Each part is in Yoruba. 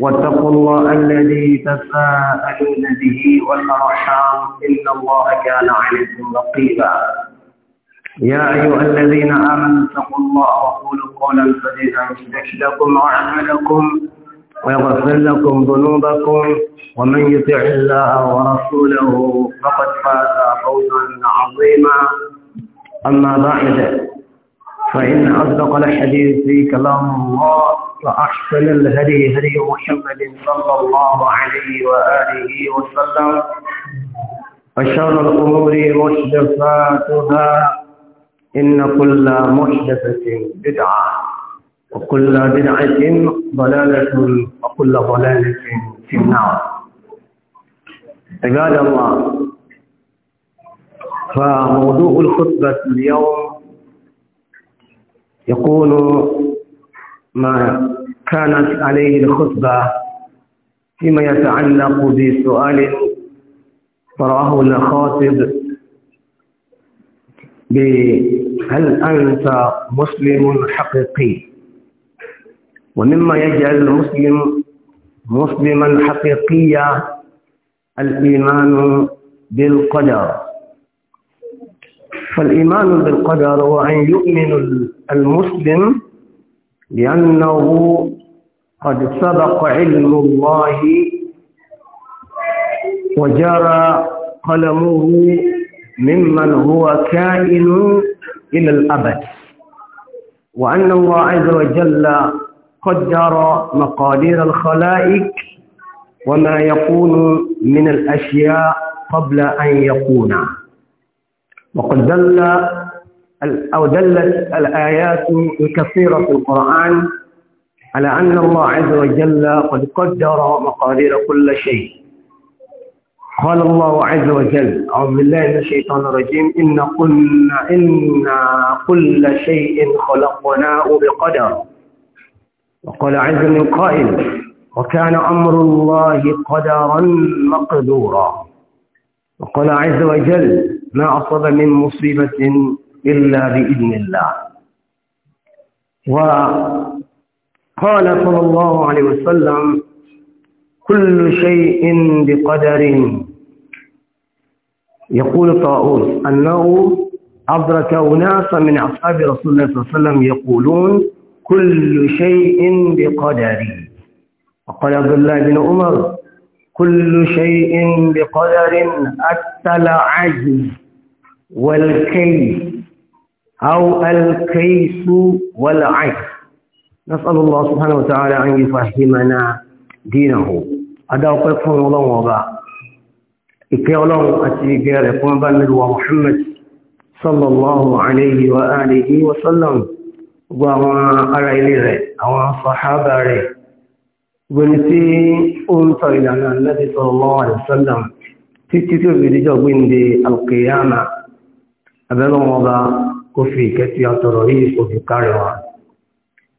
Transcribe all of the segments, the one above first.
واتقوا الله الذي تساءلون به والأرحام إن الله كان عليكم رقيبا يا أيها الذين آمنوا اتقوا الله وقولوا قولا سديدا يصلح لكم أعمالكم ويغفر لكم ذنوبكم ومن يطع الله ورسوله فقد فاز فوزا عظيما أما بعد فإن أصدق الحديث كلام الله وأحسن الهدي هدي محمد صلى الله عليه وآله وسلم وشر الأمور محدثاتها إن كل محدثة بدعة وكل بدعة ضلالة وكل ضلالة في النار عباد الله فموضوع الخطبة اليوم يكون ما كانت عليه الخطبة فيما يتعلق بسؤال فراه الخاطب بهل أنت مسلم حقيقي ومما يجعل المسلم مسلما حقيقيا الإيمان بالقدر فالإيمان بالقدر هو أن يؤمن المسلم لأنه قد سبق علم الله وجرى قلمه ممن هو كائن إلى الأبد وأن الله عز وجل قدر مقادير الخلائق وما يكون من الأشياء قبل أن يكون وقد دل أو دلت الآيات الكثيرة في القرآن على أن الله عز وجل قد قدر مقادير كل شيء قال الله عز وجل أعوذ بالله من الشيطان الرجيم إن قلنا إنا كل شيء خلقناه بقدر وقال عز من قائل وكان أمر الله قدرا مقدورا وقال عز وجل ما أصاب من مصيبة إلا بإذن الله وقال صلى الله عليه وسلم كل شيء بقدر يقول طاؤوس أنه أدرك أناس من أصحاب رسول الله صلى الله عليه وسلم يقولون كل شيء بقدر وقال عبد الله بن عمر كل شيء بقدر حتى العجز والكيس ahụakesu walahị nasaụụlọ sụpanaụtaala ya din adaokpepụlọnwụa ike ọlọnwụ atigrepba e wa mụammad salalọhụ aa-eyi wasalam ararere wa sọawetetọiaa nabi salalọaasalam tiiijwi ndị alakyana abịwụa kó fi ìkẹ́tì àtọ̀rọ̀ yìí òfin kárẹ̀ wa.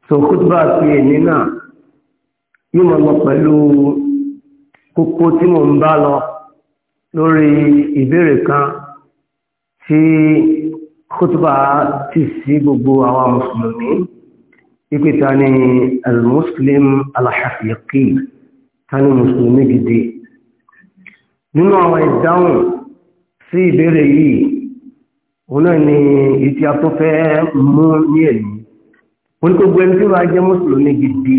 so kútùbà sí èmi náà yìí mo lọ pẹ̀lú kókó tí mo ń bá lọ lórí ìbéèrè kan tí kútùbà tì sí gbogbo àwa mùsùlùmí ìpìta ni al-muslim al-haqiqi tani mùsùlùmí gidi nínú àwọn ìdáhùn sí ìbéèrè yìí òun ni ìtì àtúnfẹ́ mú ní ẹ̀yìn wọ́n tó gbé ẹni tí wọ́n á jẹ́ mùsùlùmí gidi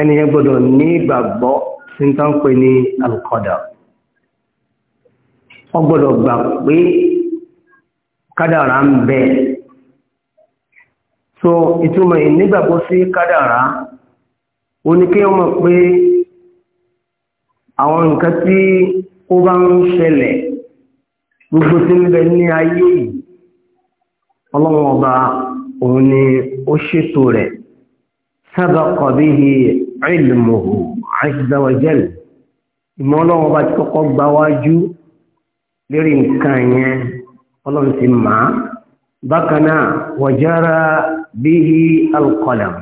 ẹni yẹn gbọ́dọ̀ ní ìgbàgbọ́ sí ń tán ní alùkọ́dà wọ́n gbọ́dọ̀ gbà pé kádàrá ń bẹ so ìtumọ̀ ìnígbàgbọ́ sí kádàrá ó ní kí wọ́n mọ̀ pé àwọn nǹkan tí ó bá ń ṣẹlẹ̀ gbogbo tí ń bẹ ní ayé yìí ọlọ́run ọba òun ni ó ṣètò rẹ̀ sabaqa bihi ilmuhu azza wa jal ìmọ̀ ọlọ́run ọba ti kọ́kọ́ gba wájú lérí nǹkan yẹn ọlọ́run ti mà á bákan náà wajara bihi alqalam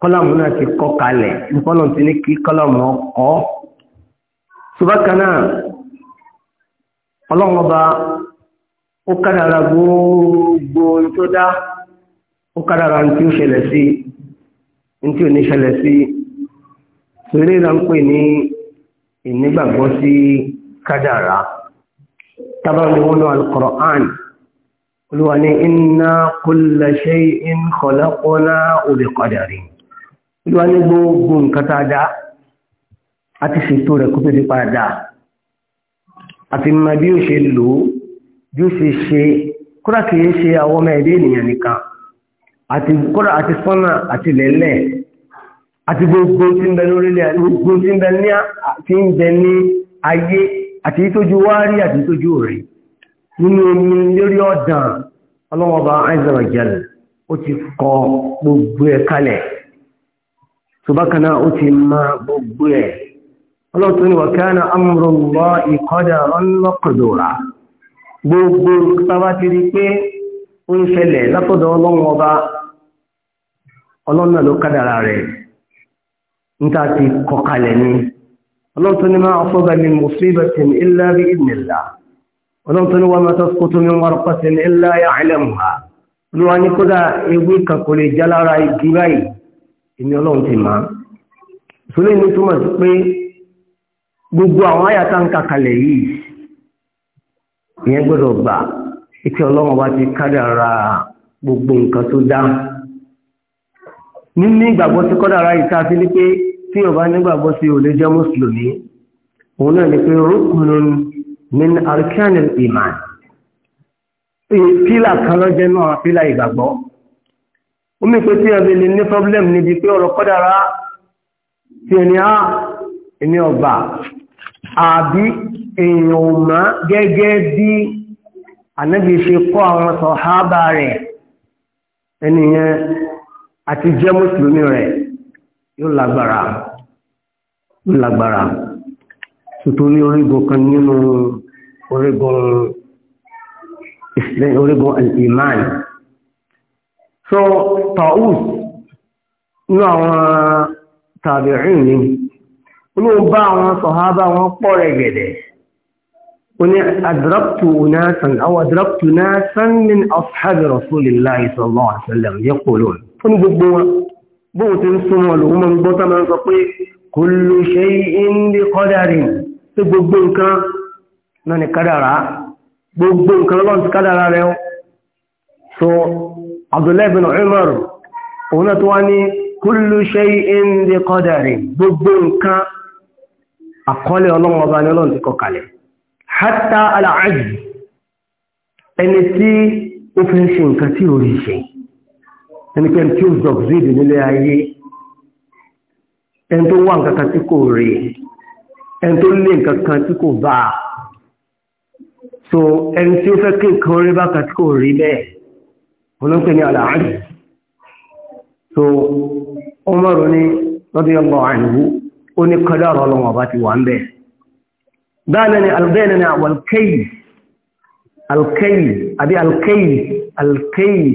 kọ́làmù náà ti kọ́ kalẹ̀ ní kọ́làmù ti ní kí kọ́làmù ọkọ̀ ọlọ́run ọba ó kádàrà gbogbo tó dá ó kádàrà tí ó ṣẹlẹ̀ sí tí ò ní ṣẹlẹ̀ sí torí ìlà ń pè ní ìnígbàgbọ́ sí kádàrà tábàlì wọnú al-Qur'an olúwa ní inna kulla shay'in khalaqnahu bi qadarin olúwa ní gbogbo nǹkan tá a ṣètò rẹ̀ kó tó di padà àti mọ bí ó ṣe lò ó bí ó ṣe ṣe kódà kìí ṣe àwọn ọmọ ẹ̀dẹ́ ènìyàn nìkan àti kódà àti sọ́nà àti lẹ́lẹ̀ àti gbogbo tí ń bẹ lórílẹ̀ gbogbo tí ń bẹ ní tí ń bẹ ní ayé àti ìtọ́jú wárí àti ìtọ́jú rè nínú omi lórí ọ̀dàn ọlọ́wọ́ba azza wa jalla ó ti kọ gbogbo ẹ̀ kalẹ̀ tó bákan náà ó ti mọ gbogbo ẹ̀ ọlọ́tún ni wàkánà amúrùnlọ́ ìkọ́dà ọlọ́kọ̀dọ̀rà gbogbo sábà ti rí pé ó ń ṣẹlẹ̀ látọ̀dọ̀ ọlọ́run ọba ọlọ́run náà ló kádàrà rẹ̀ níta ti kọkalẹ̀ ni ọlọ́tún ni máa ọ̀fọ́gà ní musibatin illa bí ìnìlá ọlọ́tún ni wọ́n máa tasqutu min ní kódà ewé gbogbo àwọn àyàtà ń kàkàlẹ̀ yìí ìyẹn gbọ́dọ̀ gbà ìtì ọlọ́run bá ti kádàrà gbogbo nǹkan tó dá nínú ìgbàgbọ́ sí kọ́dàrà yìí tá a fi ní pé tí ọba nígbàgbọ́ sí olè jẹ́ mùsùlùmí òun náà ni pé rúkùnún min arkanil iman fílà kan lọ́jẹ́ náà fílà ìgbàgbọ́ ó mi pé tí ọbẹ̀ lè ní pọ́blẹ́mù níbi pé ọ̀rọ̀ kọ́dàrà tí ẹni á ẹni ọba àbí èèyàn mọ́ gẹ́gẹ́ bí ànábì ṣe kọ́ àwọn sọ̀hábà rẹ̀ ẹnìyẹn àti jẹ́ mùsùlùmí rẹ̀ yóò lágbára yóò lágbára orígun kan nínú orígun al-iman so taus inú àwọn tàbí rìn inú bá àwọn sọ̀hábà wọn pọ̀ rẹ̀gẹ̀dẹ̀ ó ní adraktu nasan aw adraktu nasan min ashabi rasulillahi sallallahu alaihi wasallam yaqulun fún gbogbo wọn bóun ti ń súnmọ́ lòun máa ń gbọ́ tá máa ń sọ pé kullu shay'in bi qadarin tí gbogbo nǹkan náà ni kádàrá gbogbo nǹkan lọ́wọ́ ti kádàrá rẹ̀ so abdullahi bin umar òun náà tó wá ní kullu shay'in bi qadarin gbogbo nǹkan àkọọ́lẹ̀ ọlọ́run ọba ni ọlọ́run ti kọ kalẹ̀ hátà aláàjì ẹni tí ó fi ń ṣe nǹkan tí ò rí ṣe ẹnikẹ́ni tí ó zọ̀gbìdì nílé ayé ẹni tó wà nǹkan kan tí kò rí ẹni tó lé nǹkan kan tí kò bá so ẹni tí ó fẹ́ kí nǹkan rí bákan tí kò rí bẹ́ẹ̀ olóńpẹ̀ ní aláàjì so Umaru ni radiyallahu anhu ó ní kọ́dá ọ̀rọ̀ ọlọ́wọ̀n bá ti wà ń bẹ̀. báyìí ni albẹ́ni ni alkayi alkayi àbí alkayi alkayi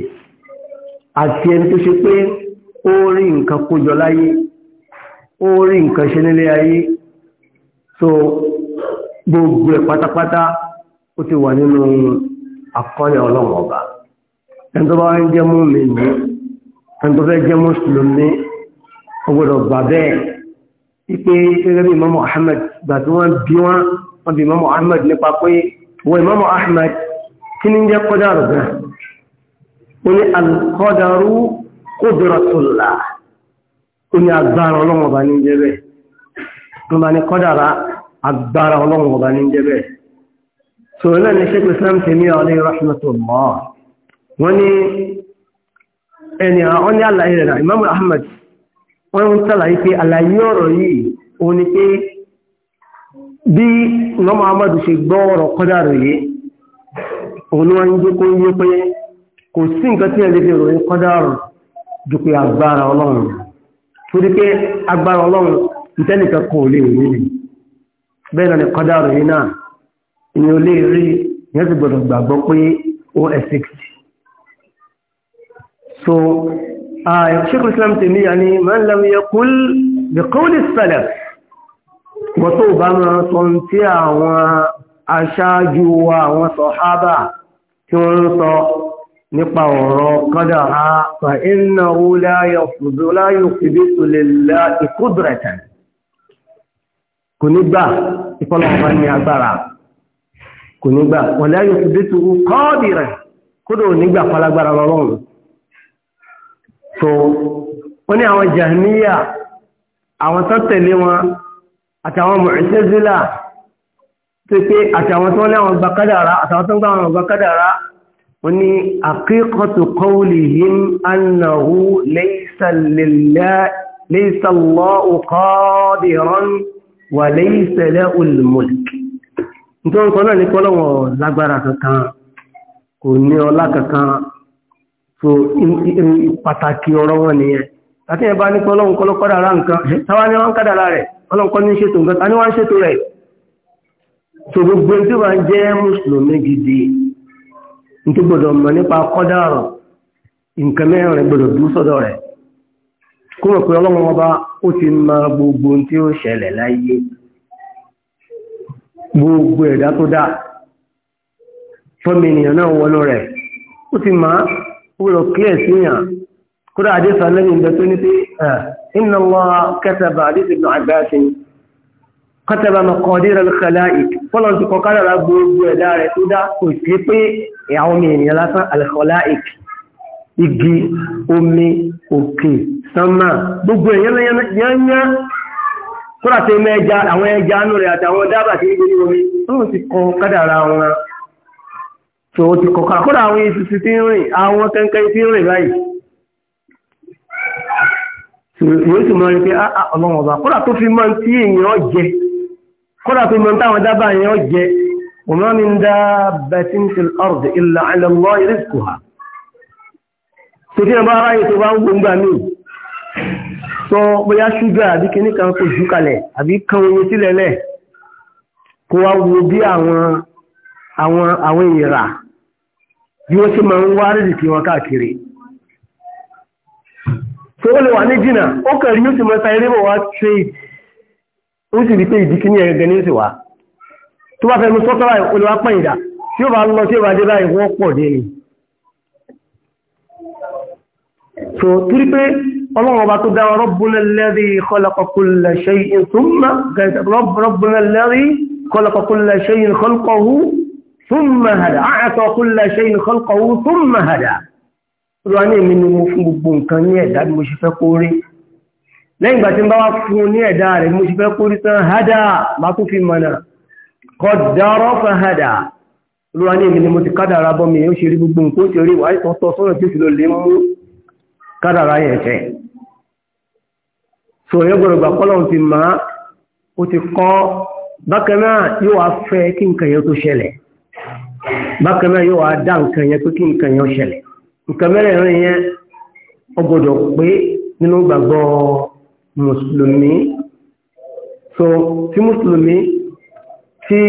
àti ẹni tó ṣe pé ó rí nǹkan kójọ láyé ó rí nǹkan ṣe nílé ayé so gbogbo ẹ̀ pátápátá ó ti wà nínú àkọọ́lẹ̀ ọlọ́wọ̀n ọba ẹni tó bá ń jẹ́ mú mi ní ẹni tó fẹ́ jẹ́ mùsùlùmí ó gbọ́dọ̀ gbà bẹ́ẹ̀ ipe gẹ́gẹ́ bí Imam Ahmad gbà tí wọ́n bí wọ́n wọ́n bí Imam Ahmad nípa pé wọ́n Imam Ahmad kí ní jẹ́ kọ́dàrú gan ó ní alkọ́dàrú kódìrọ̀tòlà ó ní agbára ọlọ́wọ̀n ọba ní jẹ́ wọ́n ń ike, ala àlàyé ọ̀rọ̀ yìí o ni pé bí lọ́mọ amadu ṣe gbọ́ ọ̀rọ̀ kọ́dà rẹ̀ yìí òun wọ́n ń jẹ́ kó yé pé kò sí nǹkan tí ẹ lè fi kọ́dà rẹ̀ ju pé agbára ọlọ́run ni o o شيخ الإسلام تيمية يعني من لم يقل بقول السلف وطوبى ما تنتيع وأشاج وصحابة تنصى نقر قدرها فإنه لا يفض لا يثبت لله قدرة كنبا يقولون من يعبر كنبا ولا يثبته قادرة كدو نبا فلا قدر الله so wọ́n ní àwọn jahmiya àwọn tó tẹ̀lé wọn àtàwọn mu'tazila tó pé àtàwọn tó ní àwọn gbàkádàrá àtàwọn tó ń gbà àwọn gbàkádàrá wọ́n ní haqiqatu qawlihim annahu laysa lillahi laysa Allahu qadiran wa laysa lahul so pàtàkì ọ̀rọ̀ wọn nìyẹn àti ẹ̀bá nípa ọlọ́run kọ́ ló kọ́dà ara nǹkan hm? táwa ni wọ́n ń ara rẹ̀ ọlọ́run ní ṣètò nǹkan ta ni wọ́n ń ṣètò rẹ̀ so gbogbo tí wọ́n jẹ́ mùsùlùmí gidi nítorí gbọ́dọ̀ mọ̀ nípa kọ́dà ọ̀rọ̀ nǹkan mẹ́rin gbọ́dọ̀ dúró sọ́dọ̀ rẹ̀ kó mọ̀ pé ọlọ́run ọba ó ti mọ gbogbo tí ó ti máa wúlò clear síyàn kúrò àdéfà lẹ́yìn ìgbẹ́ tó ní pé ah, inna Allah kataba àdéfà ibn Abbas kataba maqadir al-khalaiq fọ́lọ̀ ti kọ́ kárára gbogbo ẹ̀dá rẹ̀ tó dá kò sí pé ìyàwó mi ènìyàn lásán al-khalaiq igi omi òkè sánmà gbogbo èèyàn yányá tó ti kọ̀kọ́ kọ́dà àwọn ìsìsì tí ń rìn àwọn kẹ́kẹ́ tí ń rìn báyìí yóò sì mọ́ rí pé ah, ah, ọlọ́run ọba kọ́dà tó fi mọ́ tí èèyàn jẹ kọ́dà tó mọ́ táwọn dábàá èèyàn jẹ وما من دابة في الأرض إلا على الله رزقها sókè bá ráyè tó bá ń gbóngbà míì sọ bóyá ṣúgà àbí kíní kan kò jù kalẹ̀ àbí kan oyin sílẹ̀ lẹ̀ kó wá wo bí àwọn àwọn àwọn ìrà bí wọ́n ti máa ń wá rìdì kí wọn káàkiri tó ó lè wà ní jìnà ó kẹ̀rí yóò ti mọ́ sa eré bọ̀ wá trade ó sì rí pé ìdíkí ní ẹgbẹ̀ ní ìsìwá tó bá fẹ́ mú sọ́tọ́ báyìí ó lè wá pẹ̀yìndà tí ó bá lọ tí ó bá dé báyìí wọ́n pọ̀ dé ni so torí pé ọlọ́run ọba tó dá rabbuna alladhi ثم هدى أعطى كل شيء خلقه ثم هدى olùwà ní èmi ni mo fún gbogbo nǹkan ní ẹ̀dá bí mo ṣe fẹ́ kó rí lẹ́yìn ìgbà tí ń bá wá fún ní ẹ̀dá rẹ̀ mo ṣe fẹ́ kó rí tán hádà bá tún fi mọ̀nà kọ̀dọ̀rọ̀ fẹ́ hádà olùwà ní èmi ni mo ti kádàrà bọ́ mi ó ṣe rí gbogbo nǹkan ó ṣe rí wáyé tọ́tọ́ sọ́nà tí ó sì lọ lè mú kádàrà yẹn tẹ̀ so èyí gbọ́dọ̀ gbà kọ́lọ̀ ti mọ̀ ó ti kọ́ bákan náà yóò wá fẹ́ kí nǹkan yẹn tó ṣẹlẹ̀ bákan náà yóò wá dá nǹkan yẹn pé kí nǹkan yẹn ṣẹlẹ̀ nǹkan mẹ́rẹ̀ rẹ̀ yẹn ó gbọ́dọ̀ pé nínú gbàgbọ́ mùsùlùmí so tí mùsùlùmí tí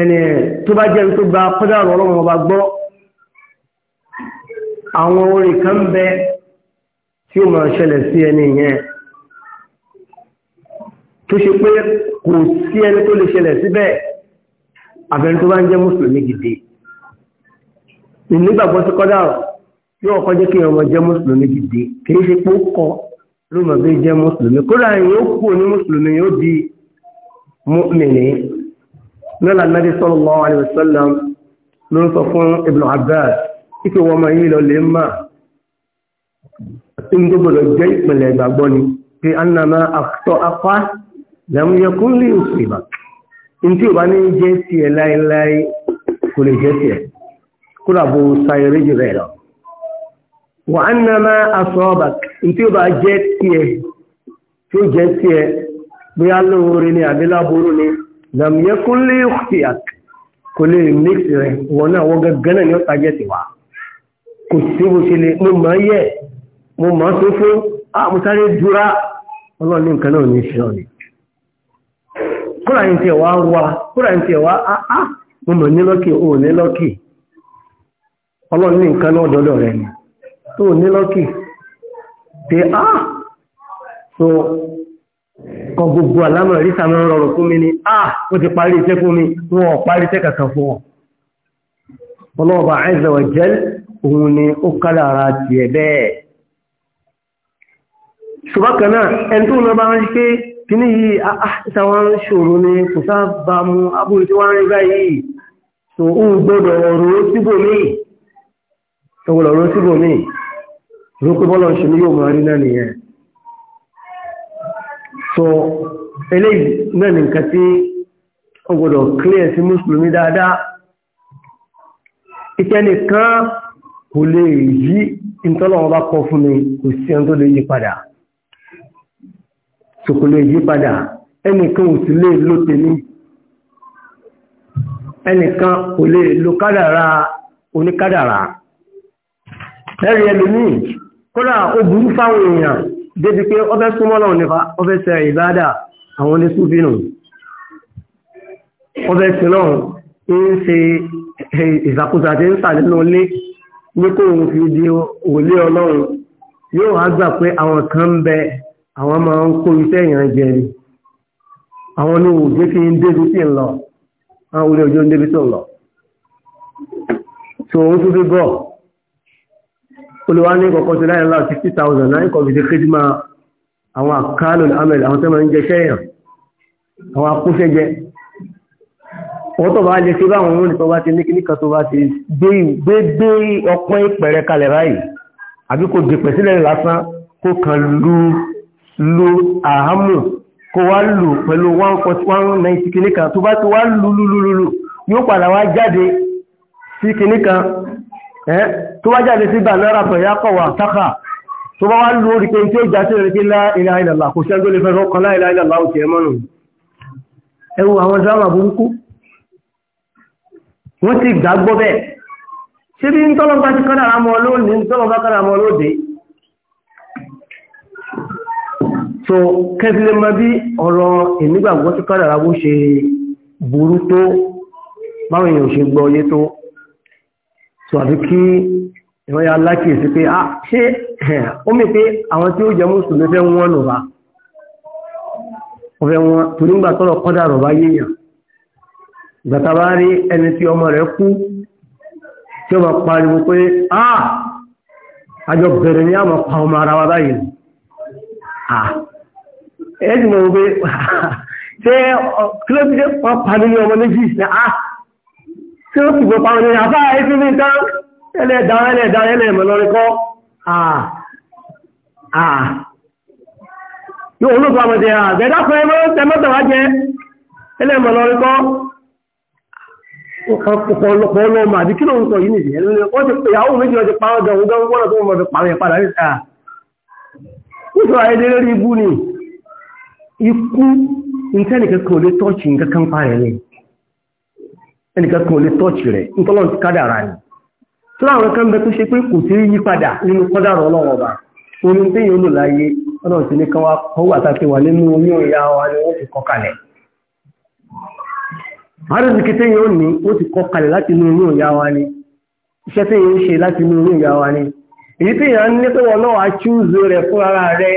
ẹni tó bá jẹ́ tó gba pọ́dàrọ̀ ọlọ́run ọba gbọ́ àwọn orin kan bẹ tí ó máa ṣẹlẹ̀ sí ẹni yẹn tó ṣe pé kò sí ẹni tó lè ṣẹlẹ̀ síbẹ̀ àbẹ̀rẹ̀ tó bá ń jẹ́ mùsùlùmí gidi ìnígbàgbọ́ sí kọ́dà yóò kọ́ jẹ́ kí ọmọ jẹ́ mùsùlùmí gidi kì í ṣe pé ó kọ ló mọ̀ bí jẹ́ mùsùlùmí kódà yìí ó kú ní mùsùlùmí yóò di mùmìnì nílà nàbí sallallahu alaihi wasallam ló ń sọ fún Ibn Abbas ike wọ́n máa yí lọ lè mà ń gbọ́dọ̀ jẹ́ ìpìlẹ̀ ìgbàgbọ́ ni pé annama akhta'aqa lẹ́múyẹkún lè ṣèbà ntí ò bá ní jẹ́ tiẹ̀ láéláé kò lè jẹ́ tiẹ̀ kó dàbò sa eré jù rẹ̀ lọ. wà á nà má aṣọ ọba ntí ò bá jẹ́ tiẹ̀ tí ó jẹ́ tiẹ̀ bóyá lóore ni àbí láboró ni lẹ́múyẹkún lè ṣèyà kò lè mix rẹ̀ wọn náà wọ́n gẹ́gẹ́ náà ni ó ta jẹ́ tiwa kò sí bó ṣe lè mo mọ̀ yẹ mo mọ̀ tó fún àmúsáré ah, dúrà ọlọ́ọ̀ni nǹkan náà ní ìṣẹ́ ọ̀nì kóra ní tẹ̀wá wá kóra ní tẹ̀wá áá ah, ah, mo mọ̀ nílọ́kì ò nílọ́kì ọlọ́run ní nǹkan náà dọ́dọ̀ rẹ̀ ni tó nílọ́kì tẹ áá ah, so kan gbogbo alámọ̀ rí sàmì rọrùn fún mi ni a ó ti parí iṣẹ́ fún mi wọn ò parí iṣẹ́ kankan fún wọn ọlọ́ọ̀bà azza wa jal òun ni ó kádàrá tiẹ̀ bẹ́ẹ̀ ṣùgbọ́n kan náà ẹni tó ń lọ bá ń rí pé kíní yìí àtàwọn ah, ah, ṣòro ni kò sábà mú abúrú tí wọ́n rí báyìí tó ń gbọ́dọ̀ ọ̀rọ̀ síbòmíì tọwọ́ lọ́rọ̀ síbòmíì lókè bọ́lọ̀ ṣe ní yóò máa rí náà nìyẹn so eléyìí náà ní nǹkan tí ó gbọ́dọ̀ clear sí mùsùlùmí dáadáa ìkẹ́nìkan kò lè yí ìtọ́lọ́wọ́n bá kọ fún mi kò sí ẹni tó lè yí padà ṣòkòlò ìyípadà ẹnìkan ò sí lè ló tèmi ẹnìkan kò lè lo kádàrá oníkádàrá ẹ̀rì ẹlòmíì kódà ó burú fáwọn èèyàn débi pé ọfẹ́ súnmọ́ náà nípa ọfẹ́ ṣe ìbádà àwọn oníṣúfínù ọfẹ́ sí náà ń ṣe ìṣàkóso àti ń sàdínú lé ní kóhun fi di òlé ọlọ́run yóò wá gbà pé àwọn kan ń bẹ àwọn máa ń kó iṣẹ́ ìyàn jẹ ni àwọn ní òjé kí ń débi tí ń lọ àwọn olè òjò ń débi tó ń lọ tí òun tún fi bọ̀ olùwà ní kọ̀kọ́ ti láyé láti 60,000 náà kọ̀bí ti kéjì máa àwọn àkálò amẹ́lẹ̀ àwọn tẹ́mọ̀ ń jẹ sẹ́yàn àwọn akúṣẹ́ wọ́n tó bá lè ṣe báwọn òun nìkan bá ti ní kíníkan tó bá ti gbé gbé ọpọ́n ìpẹ̀rẹ̀ kalẹ̀ báyìí àbí dìpẹ̀ sílẹ̀ lásán kó kan lú lo àhámù kó wá lò pẹ̀lú 190 kìíní kan tó bá ti wá lulululu yóò padà wá jáde sí kìíní kan tó wá jáde sí bà náírà pẹ̀lú akọ̀wà sáfà tó bá wá lò orí pé tí ó já sí ìrìnkí láìlà ìlàlà kò ṣẹ́ gbélé fẹ́ràn kan láìlà ìlàlà òkè ẹmọ́nù ẹ wo àwọn drama burúkú wọ́n ti gbàgbọ́ bẹ́ẹ̀ ṣé bí ń tọ́lọ́gbà ti kọ́dà àmọ́ lónìí ń tọ́lọ́gbà kọ́dà àmọ́ so kẹfìlẹ̀ mọ́ bí ọ̀rọ̀ ìnígbàgbọ́ tí kádàrá bó ṣe burú tó báwọn èèyàn ṣe gbọ́ yé tó so àfi kí ìwọ́n ya lákìsí pé a ah, ṣe ó mẹ́ pé àwọn tí ó jẹ mùsùlùmí fẹ́ wọ́n nù bá ọ̀fẹ́ wọn tó nígbà tọ́rọ kádàrá bá ẹ̀ẹ́dì mọ̀ wọ́n pé kí ló fi dé wọ́n pa nínú ọmọ méjì ṣe á tí ó sì gbọ́pá wọn ni àbá ẹ̀ẹ́dì mi tán ẹlẹ́ẹ̀dá ẹlẹ́ẹ̀dá ẹlẹ́ẹ̀mọ̀ lọ́rin kọ́ àà ah, ah. yóò olóògbé ọmọdé àgbẹ̀dá ah, fún ẹmọ́ tẹmọ́tọ̀ wá jẹ ẹlẹ́ẹ̀mọ̀ lọ́rin kọ́ ọ̀pọ̀lọpọ̀ ọlọ́mọ àbí kí ló ń sọ yìí nìyí ìyàwó méjì lọ ti pa ọjọ́ òun gan wọ́n tó mọ̀ fi pààrọ̀ ìpadà níta nítorí ayédèrè rí ibú ni ikú nítẹ́ nìkankan olè tọ́ọ̀ṣì nǹkankan parẹ̀ ní ẹnìkankan olè tọ́ọ̀ṣì rẹ̀ nítọ́lọ́n ti kádàrà ni tó láwọn kan bẹ tó ṣe pé kò sí yípadà nínú kọ́dàrà ọlọ́wọ́ ọba omi tí yóò lò láyé ọlọ́run ti ní kan wá kọ́ wà tàbí wà nínú wa ni wọ́n ti kọ́ kalẹ̀ ní ti kọ́ kalẹ̀ láti inú wa ni iṣẹ́ ṣe láti inú wa ni èyí ní pé wọn náà chúùzù rẹ̀ rẹ̀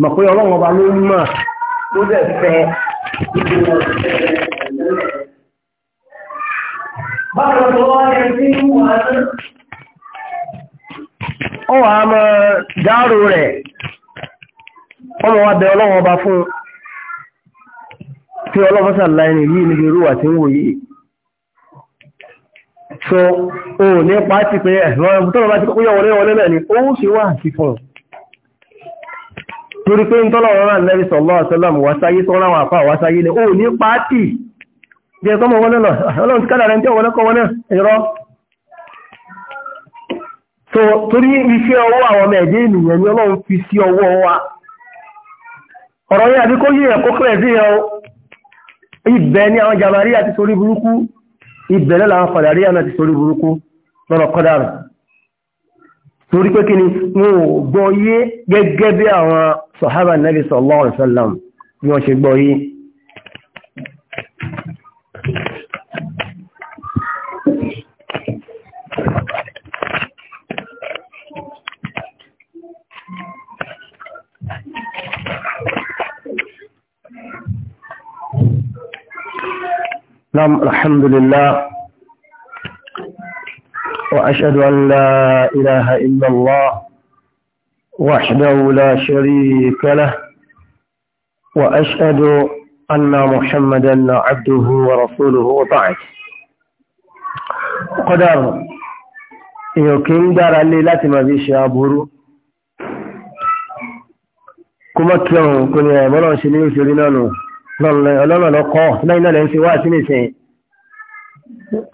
mọ̀ pé ọlọ́run ọba ló mọ̀ tó dẹ̀ fẹ́ ó wà á mọ dárò rẹ̀ ọmọ wa bẹ ọlọ́run ọba fún tí ọlọ́run sàlàyé yìí níbi irú àti ń wò yìí so o ní pàtí pé ẹ̀rọ ẹ̀bùtọ́rọ̀ bá ti kọ́kọ́ yọ wọlé wọlé mẹ́rin ó sì wà sí fún un torí pé ń tọ́lọ̀ ọ̀rọ̀ Ànábì sallallahu alaihi wasallam wáṣáyé tó ráwọn àfà wáṣáyé ní òní pàátì jẹ́ tọ́mọ wọn náà ọlọ́run ti kádàrẹ́ tí ọ̀wọ́n kọ́ wọn náà ẹ̀rọ torí iṣẹ́ ọwọ́ àwọn ọmọ ẹ̀dẹ́ ènìyàn ni ọlọ́run fi sí ọwọ́ wa ọ̀rọ̀ yẹn àbí kó yí ẹ̀kọ́ torí pé kí ni wọn ò gbọ́ yé gẹ́gẹ́ bí àwọn sọ̀hábà nẹ́bí sallallahu alaihi wasallam bí wọ́n ṣe gbọ́ yé Nam alhamdulillah وأشهد أن لا إله إلا الله وحده لا شريك له وأشهد أن محمدا عبده ورسوله وطاعته قدر يوكين دار الليلة ما فيش أبورو كما كيو كني ملون شنيو شرينانو لن لن لن لن قوة لن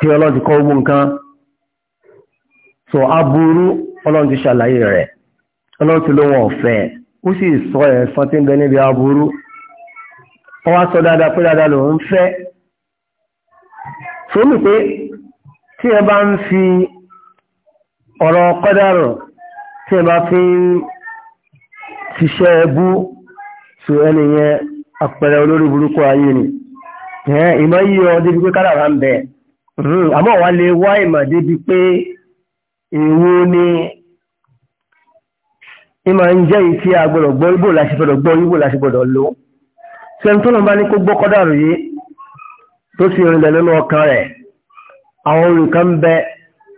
لن كان so aburú ọlọ́run ti ṣàlàyé rẹ̀ ọlọ́run ti ló wọn ọ̀fẹ́ ó sì sọ ẹ̀san tí ń bẹ níbi aburú wọ́n wá sọ dáadáa pé dáadáa ló ń fẹ́ tó mì pé tí ẹ bá ń fi ọ̀rọ̀ kọ́dàrọ̀ tí ẹ bá fi ń ṣiṣẹ́ ẹbú so ẹni yẹn àpẹẹrẹ olórí burúkú ayé ni ìmọ̀ yíyọ débi pé kádàrá ń bẹ àmọ́ wà lè wá ìmọ̀ débi pé èwo ni ìmọ̀ ń jẹ́ ìtí agbọ́dọ̀ gbọ́ ibò láti gbọ́dọ̀ gbọ́ ibò láti gbọ́dọ̀ lò sẹ́ni tó lọ́nà bá ní kó gbọ́ kọ́dàrú yìí tó sì rìnlẹ̀ nínú ọkàn rẹ̀ àwọn olùkan bẹ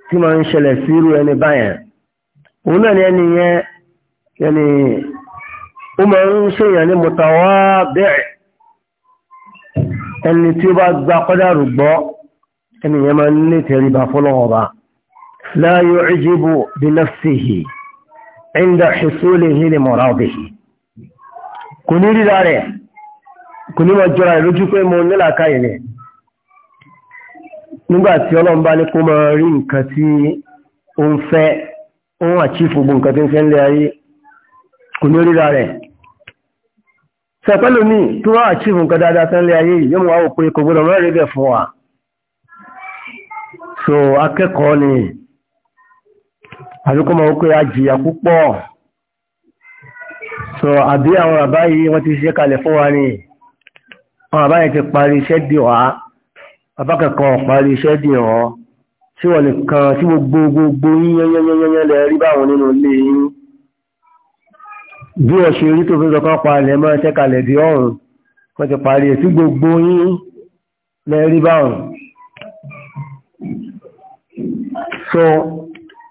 tí máa ń ṣẹlẹ̀ sí irú ẹni báyẹn òun náà ni ẹni yẹn ẹni ó bá ń ní لا يعجب بنفسه عند حصوله لمراضه kò ní ríra rẹ̀ kò ní mọ̀ jọra ìlójú pé mo nílàkà ilẹ̀ nígbàtí ọlọ́run bá ní kó mọ̀ rí nǹkan tí ó ń fẹ́ ó ń àchí fògbò nǹkan tí ń fẹ́ nílé ayé kò ní ríra rẹ̀ sẹ̀pẹ́lú ní tó wá àchí fò nǹkan dáadáa fẹ́ nílé ayé so àbí kó máa wípé ajìyà púpọ̀ so àbí àwọn bàbá yìí wọ́n ti ṣiṣẹ́ kalẹ̀ fún wa ni àwọn bàbá yìí ti parí iṣẹ́ dì wá bàbá kankan parí iṣẹ́ dì wọ́n tí wọ́n nìkan tí gbogbo gbogbo yíyányányányán lẹ rí báwọn nínú ilé yín bí wọ́n ṣe rí tó fi kankan palẹ̀ mọ́ iṣẹ́ kalẹ̀ di ọ̀run wọ́n ti parí èsì gbogbo yín lẹ rí báwọn so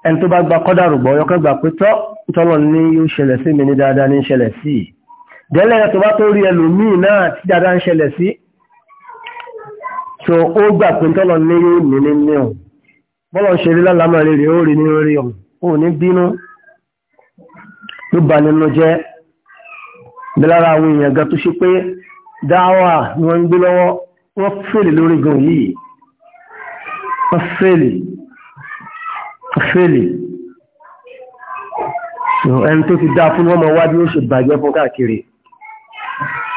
ẹni tó bá gba kọ́dàrù gbọ́ yọkẹ́ gbà pé tọ́ tọ́lọ̀ ní yóò ṣẹlẹ̀ sí mi ní dáadáa ní ṣẹlẹ̀ sí i dẹ́lẹ̀ tó bá tó rí ẹlòmíì náà tí dáadáa ń ṣẹlẹ̀ sí so ó gbà pé tọ́lọ̀ ní yóò ní ní ní ọ̀hún bọ́lọ̀ ń ṣe rí lálámà rí rí ó rí ní orí ọ̀hún ó ní bínú ló bà nínú jẹ́ lára àwọn èèyàn gan tó ṣe pé dáwà ni wọ́n ń gbé lọ́wọ́ wọ́n fèlè lórí gan yìí wọ́n fèlè fèlè ẹni tó ti dáa fún wọn mọ wá bí ó ṣe bàjẹ́ fún káàkiri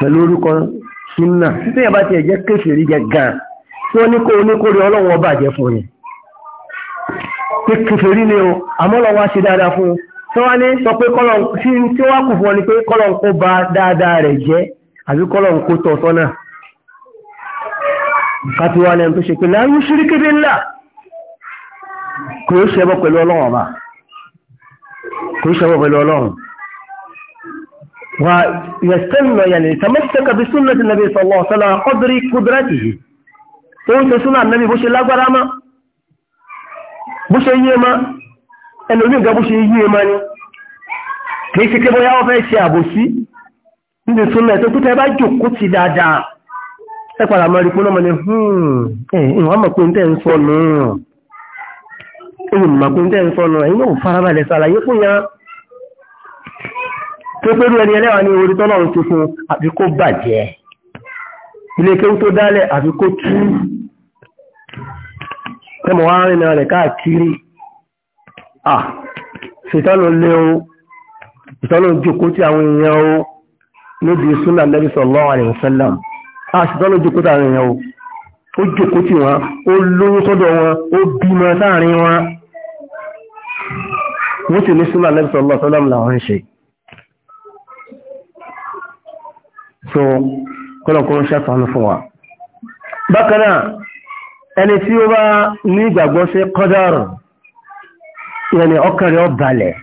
pẹ̀lú orúkọ súnà títí ẹ̀ bá ti ẹ̀jẹ̀ kéfèrí jẹ gan tí wọ́n ní kó oníkórè ọlọ́run ọba àjẹ́ fún yẹn pé kéfèrí ni o àmọ́ lọ́wọ́ á ṣe dáadáa fún un tí wọ́n ní sọ pé kọ́lọ̀n tí tí wọ́n kù fún ọ ni pé kọ́lọ̀n kó ba dáadáa rẹ̀ jẹ́ àbí kọ́lọ̀n kó tọ̀ sọ́nà kátó wà lẹ́nu tó ṣe pé láyé ṣírí ńlá kò ó ṣẹbọ pẹ̀lú ọlọ́run ọba kò ó ṣẹbọ pẹ̀lú ọlọ́run wa yẹ̀sẹ̀lọ yẹ̀lẹ̀ tàmẹ́sẹ̀kà bí súnlẹ̀ ti nàbí sọ̀lọ̀ ọ̀sẹ̀lá ọdúrí kúdúrẹ́tì yìí ó ń ṣe súnlẹ̀ nàbí bó ṣe lágbára mọ́ bó ṣe yé mọ́ ẹni oní ìgbà bó ṣe yé mọ́ ni kì í ṣe kí bóyá wọ́n fẹ́ ṣe àbòsí níbi súnlẹ̀ tó kú tẹ́ bá jòkó ti dáadáa ẹ padà mọ́ rí pé ọmọ ni ẹ̀ ìwọ́n mọ̀ pé ń tẹ́ ń sọ nù olùmọ̀kún tẹ́ ń sọ́nà ẹ̀yìn yóò farabalẹ̀ sàlàyé fún yá tó pẹ́rú ẹni ẹlẹ́wà ní orí tọ́lọ̀ ń ti fún àfi kó bàjẹ́ ilé kéwú tó dálẹ̀ àfi kó tú tẹ́mọ̀ wá rìn náà rẹ̀ káàkiri à ṣètọ́nù lé o ṣètọ́nù jòkó tí àwọn èèyàn o níbi súnà Nabi sallallahu alaihi wasallam à ṣètọ́nù jòkó tí àwọn èèyàn o ó jòkó tí wọn ó lówó sọ́dọ̀ wọn ó bímọ sáàrin wọn wọ́n sì ní súnà Nabi sallallahu alaihi wasallam làwọn ń ṣe so kọ́lọ̀kọ́ ṣàtàánú fún wa bákan náà ẹni tí ó bá ní ìgbàgbọ́ sí kọ́dọ̀rù yẹni ọkàn rẹ̀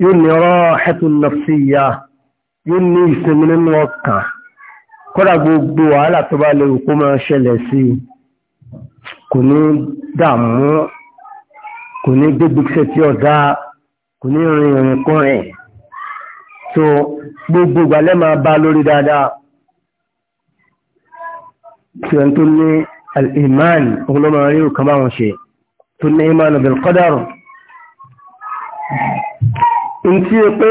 yóò ní rahatu nafsiyya kò ní gbé gbèsè tí ọ̀dà kò ní rin ìrìn kan rẹ̀ tó gbogbo ìgbàlẹ́ máa bá lórí dáadáa tí wọ́n tó ní al-iman ọlọ́mọ rí òkan bá wọn ṣe tó ní iman bil qadar ń tí ó pé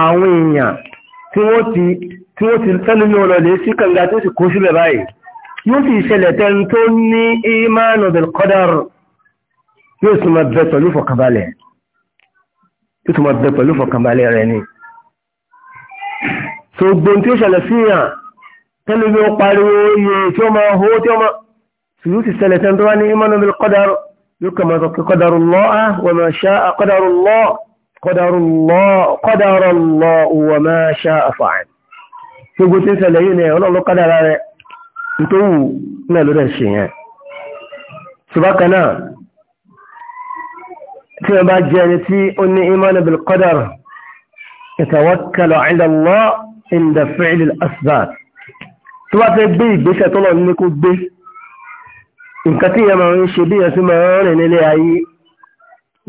àwọn èèyàn tí wọ́n ti tí wọ́n ti tẹ́lú sí kànga tó sì kó sílẹ̀ báyìí yóò sì ṣẹlẹ̀ tẹ́ni tó ní iman bil qadar yóò tún máa bẹ pẹ̀lú fọkànbalẹ̀ yóò tún máa bẹ pẹ̀lú fọkànbalẹ̀ rẹ ni. so gbọ́n tí ó ṣẹlẹ̀ sí yàn tẹ́lẹ̀ bí wọ́n pariwo iye tí ó máa hó tí ó máa sùúrù ti ṣẹlẹ̀ tẹ́lẹ̀ tó wá ní imanu bil qadar yóò kà máa sọ pé qadarullah wa ma sha'a qadarullah qadarullah qadarullah wa ma sha'a fa'al. gbogbo tí ń ṣẹlẹ̀ yìí ni ọlọ́run ló kádàrá rẹ̀ tí wọ́n bá jẹ́ ẹni tí ó ní iman bil qadar ìtawakkalu ala Allah inda fi'l al asbab tó bá fẹ́ gbé ìgbésẹ̀ tó lọ ní kó gbé nǹkan tí ìyẹn máa ń ṣe bí ìyẹn fi máa ń rìn nílé ayé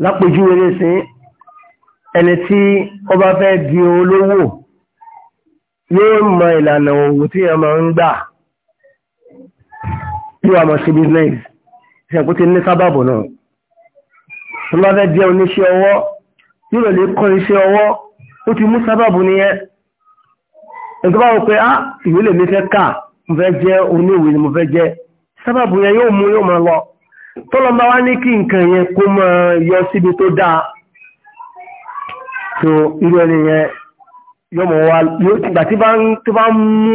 lápèjúwe nísìn ẹni tí ó bá fẹ́ di olówó yóò mọ ìlànà òwò tí ìyẹn máa ń gbà yóò àmọ̀ ṣe business ṣe àkótí ní sábàbù náà tó bá fẹ́ jẹ́ oníṣẹ́ ọwọ́ tí ò lè kọ́ iṣẹ́ ọwọ́ ó ti mú sábàbù nìyẹn ẹ̀tọ́ bá wọ pé á ìwé lè mi fẹ́ kà mo fẹ́ jẹ́ oníwèé ni mo fẹ́ jẹ́ sábàbù yẹn yóò mú yóò máa lọ tọ́lọ́mbá wá ní kí nǹkan yẹn kó máa yọ síbi tó dáa so irú ẹni yẹn yóò mọ̀ wá ìgbà tí bá ń mú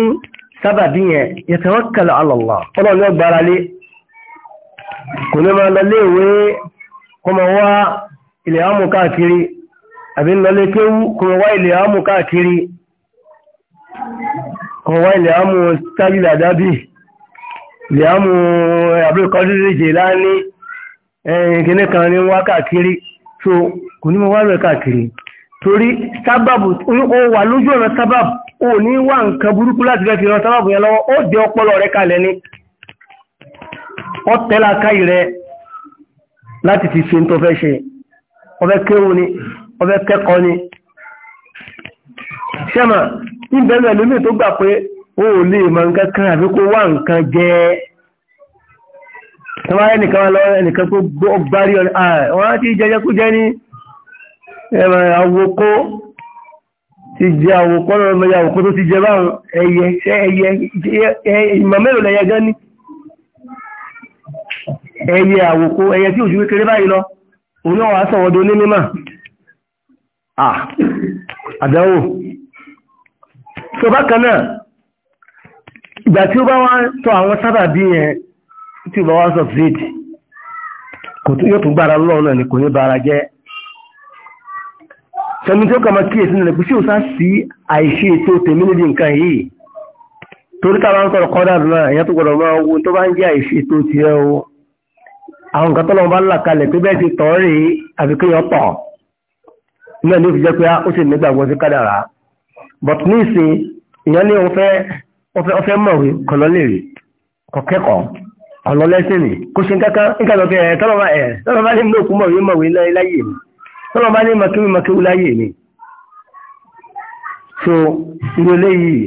sábàbí yẹn yatawakkal ala Allah ọlọ́run yóò gbára lé kò ní máa lọ léèwé kọmọ wá ilẹ̀ àmù káàkiri àbí lọlé kéwú kọmọ wá ilẹ̀ àmù káàkiri kọmọ wá ilẹ̀ àmù tábìlì àdábì ilẹ̀ àmù àbúrúkọ́dúnrún Jìlání kìnnì kan ní wá káàkiri so kò ní mo wá rẹ̀ káàkiri torí sábàbù ó wà lójú ọ̀nà sábàbù ó ní wá nǹkan burúkú láti fẹ́ fi ran sábàbù yẹn lọ́wọ́ ó dé ọpọlọ rẹ̀ kalẹ̀ ni ó tẹ́lá káyì rẹ̀ láti fi ṣe tó fẹ́ ṣe ọfẹ́ kéwù ni ọfẹ́ kẹ́kọ̀ọ́ ni ṣẹ́mà níbẹ̀rẹ̀ lómi tó gbà pé ó ò lè mọ nǹkan kan àfi kó wá nǹkan jẹ́ tọ́wọ́ ẹnìkan lọ ẹnìkan tó gbárí ọ ah, wọ́n ti jẹ àwòkó lọ́rọ̀ mẹ́yà àwòkó tó ti jẹ báwọn ẹyẹ ẹyẹ ìmọ̀ mélòó lẹ́yẹ gan ni ẹyẹ àwòkó ẹyẹ tí òjú kékeré báyìí lọ orí ọ̀wà sọ̀wọ́dọ̀ ní mímọ̀ àdánwò tó bákan náà ìgbà tí ó bá wá tọ àwọn sábà bí yẹn tí ó bá wá sọ fèdì kò tó yóò tún gbára lọ́wọ́ náà ni kò ní bara jẹ́ sọmi tí ó kà máa kíyèsí nílẹ̀ kò sí òsá sí àìṣe ètò tèmi níbi nǹkan yìí torí táwọn ń sọ̀rọ̀ kọ́dà náà ìyẹn tó gbọ́dọ̀ máa wo tó bá ń jẹ́ àìṣe ètò tiẹ̀ o àwọn nǹkan tọ́lọ́wọ́ bá là kalẹ̀ pé bẹ́ẹ̀ ti tọ́ rí àfikẹ́yọ tọ̀ náà ló fi jẹ́ pé ó sì nígbàgbọ́ sí kádàrá but ní ìsìn ìyẹn ní òun fẹ́ ó fẹ́ mọ̀wé kọ̀lọ́lẹ̀rì kọ̀kẹ́kọ̀ọ́ ọ̀lọ́lẹ́sìn ni kò ṣe kankan nígbà tó fi ẹ̀ tọ́lọ́wọ́ ẹ̀ tọ́lọ́wọ́ ní mọ̀kú mọ̀wé mọ̀wé láyé ni tọ́lọ́wọ́ ní mọ̀kéwé mọ̀kéwé láyé ni so irú eléyìí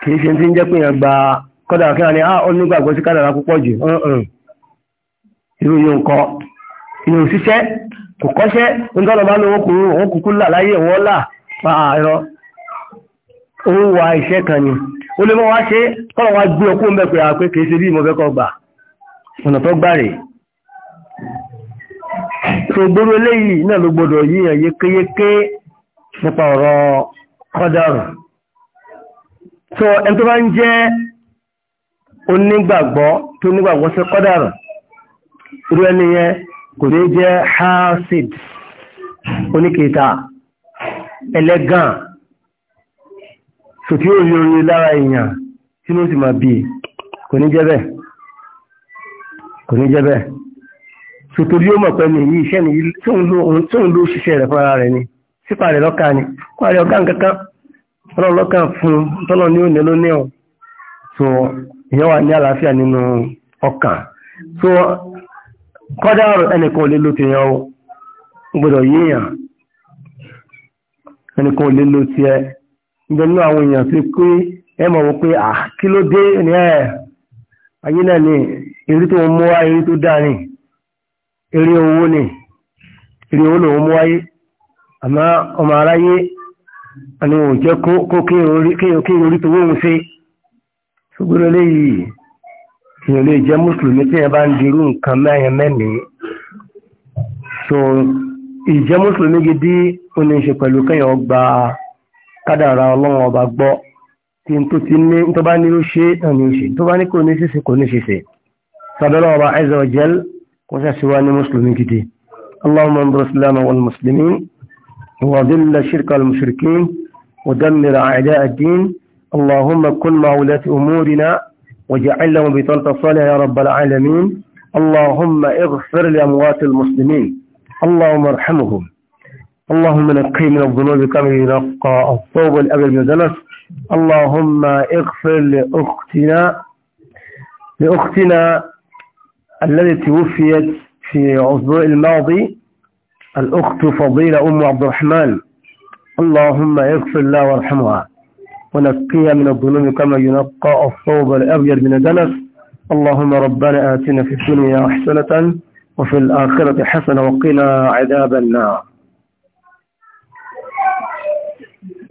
kì í ṣe ti ń jẹ́ pé yẹn gba kọ́dà kí wọ́n ní ah ó nígbàgbọ́ sí kádàrá púpọ̀ jù irú yóò kọ́ ilé òṣìṣẹ́ kò kọ́ṣẹ́ nítorí bá lówó kúrú òun kúkú là láyé wọn là pa ẹ̀rọ òun wà iṣẹ́ kan ni ó lè mọ́ wá ṣe kọ́lọ̀ wá gbé ọkú mẹ́ pé àpé ah, eléyìí náà ló gbọdọ̀ yíyàn yékéyéké nípa ọ̀rọ̀ so ẹni tó bá ń jẹ́ onígbàgbọ́ tó nígbàgbọ́ sí irú ẹni yẹn kò ní jẹ́ hasid oníkèta ẹlẹ́gàn sòtí ó yọ orin lára èèyàn tí ló sì máa bí kò ní jẹ́ kò ní jẹ́ bẹ́ẹ̀ sòtò bí ó mọ̀ pẹ́ni èyí iṣẹ́ ni ló ṣiṣẹ́ rẹ̀ rẹ̀ ni sípa rẹ̀ lọ́kàn ni kó rẹ̀ ọ̀gá nǹkankan ọlọ́run fún tọ́lọ́ ní òní lónìí ọ̀ so ìyẹn ní àlàáfíà nínú ọkàn so kọ́dá ọ̀rọ̀ ẹnìkan lè ló ti yàn ó gbọ́dọ̀ yíyàn ẹnìkan lè ló ti ẹ gbẹ̀nú àwọn èèyàn ti pé ẹ mọ̀ wọ́n pé à ah, kí ló dé ní ẹ̀ ayé náà ni eré tó mú wá tó dáa ni eré owó ni eré owó mú wáyé àmọ́ ọmọ aráyé kó orí tó ṣùgbọ́n èèyàn lè jẹ́ mùsùlùmí tí èèyàn bá ń dirú nǹkan mẹ́rin mẹ́mìí so ìjẹ́ mùsùlùmí gidi ó ní ṣe pẹ̀lú kéèyàn gba kádàrá ọlọ́run ọba gbọ́ tí n tó ti ní tó bá ní ó ṣe náà ní ṣe tó bá ní kò ní ṣíṣe kò ní ṣíṣe sàbẹ̀lọ́ ọba azza wa jal kò ṣàṣìwá ní mùsùlùmí gidi allahumma لهم بطانة الصالح يا رب العالمين اللهم اغفر لأموات المسلمين اللهم ارحمهم اللهم نقي من الذنوب كما ينقى الثوب الأبيض من الدنس اللهم اغفر لأختنا لأختنا التي توفيت في عصر الماضي الأخت فضيلة أم عبد الرحمن اللهم اغفر لها وارحمها ونقيا من الظلم كما ينقى الثوب الأبيض من الدنس اللهم ربنا آتنا في الدنيا حسنة وفي الآخرة حسنة وقنا عذاب النار